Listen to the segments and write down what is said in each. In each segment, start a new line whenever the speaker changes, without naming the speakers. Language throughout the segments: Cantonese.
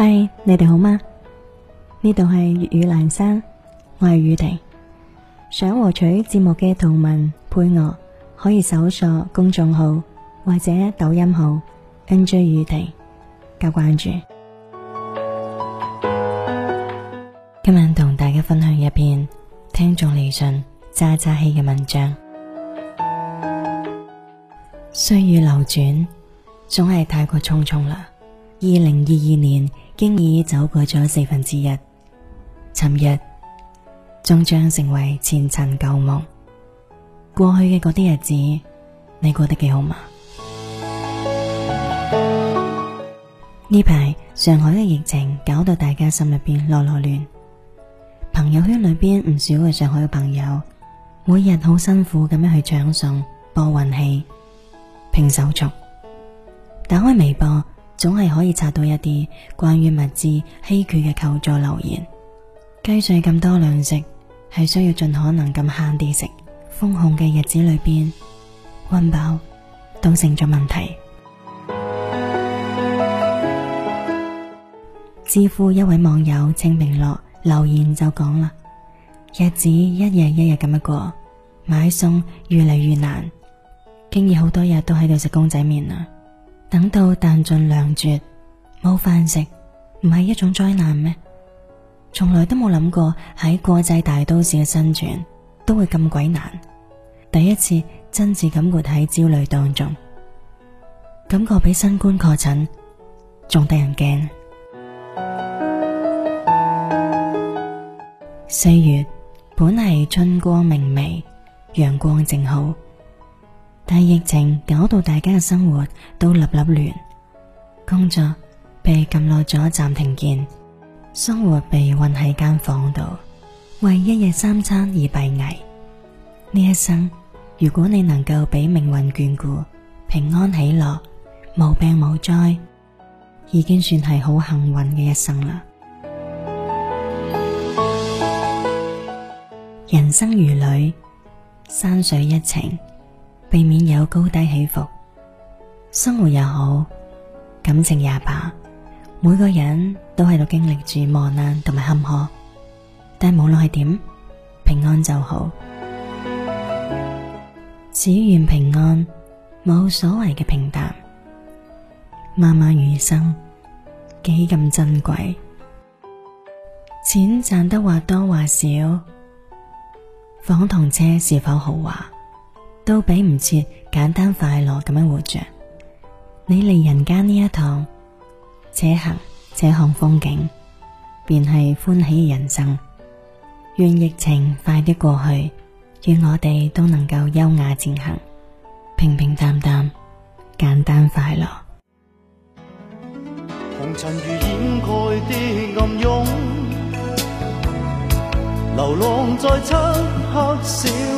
嗨，你哋好嗎？呢度係粵語闌珊，我係雨婷。想獲取節目嘅圖文配樂，可以搜索公眾號或者抖音號 N J 雨婷，加關注。今晚同大家分享一篇聽眾嚟信渣渣氣嘅文章。歲月流轉，總係太過匆匆啦。二零二二年經已走過咗四分之一，尋日終將成為前塵舊夢。過去嘅嗰啲日子，你過得幾好嘛？呢排 上海嘅疫情搞到大家心入邊囉囉亂，朋友圈裏邊唔少嘅上海嘅朋友，每日好辛苦咁樣去搶送、播運氣、拼手速，打開微博，總係可以查到一啲關於物資稀缺嘅求助留言。雞碎咁多糧食，係需要盡可能咁慳啲食。封控嘅日子裏邊，温飽都成咗問題。知 乎一位網友清平樂留言就講啦：日子一日一日咁樣過，買餸越嚟越難，經已好多日都喺度食公仔麵啦。等到彈盡糧絕，冇飯食，唔係一種災難咩？從來都冇諗過喺國際大都市嘅生存都會咁鬼難，第一次真摯咁活喺焦慮當中，感覺比新冠確診仲得人驚。四月本係春光明媚，陽光正好。但疫情搞到大家嘅生活都立立亂，亂，工作被撳落咗暫停鍵，生活被韞喺間房度，為一日三餐而閉翳。呢一生，如果你能夠俾命運眷顧，平安喜樂，無病無災，已經算係好幸運嘅一生啦。人生如旅，山水一程。避免有高低起伏，生活也好，感情也罷，每個人都喺度經歷住磨難同埋坎坷，但無論係點，平安就好。只願平安，冇所謂嘅平淡，漫漫餘生幾咁珍貴，錢賺得或多或少，房同車是否豪華？都比唔切簡單快樂咁樣活着，你嚟人間呢一趟，且行且看風景，便係歡喜人生。願疫情快啲過去，願我哋都能夠優雅前行，平平淡淡，簡單快樂。
紅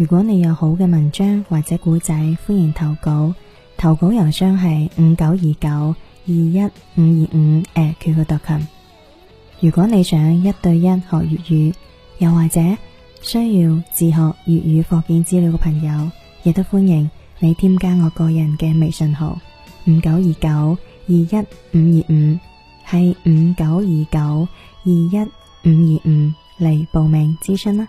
如果你有好嘅文章或者古仔，歡迎投稿。投稿郵箱係五九二九二一五二五誒，QQ 讀琴。如果你想一對一學粵語，又或者需要自學粵語課件資料嘅朋友，亦都歡迎你添加我個人嘅微信號五九二九二一五二五，係五九二九二一五二五嚟報名諮詢啦。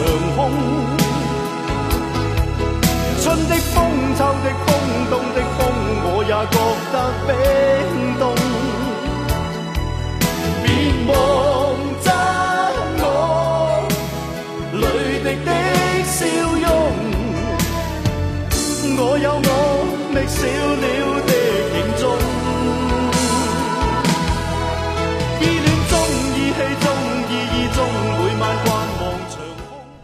長空，春的風，秋的風，冬，冬的風，我也覺得冰凍。別望著我，淚滴的笑容，我有我，未笑了。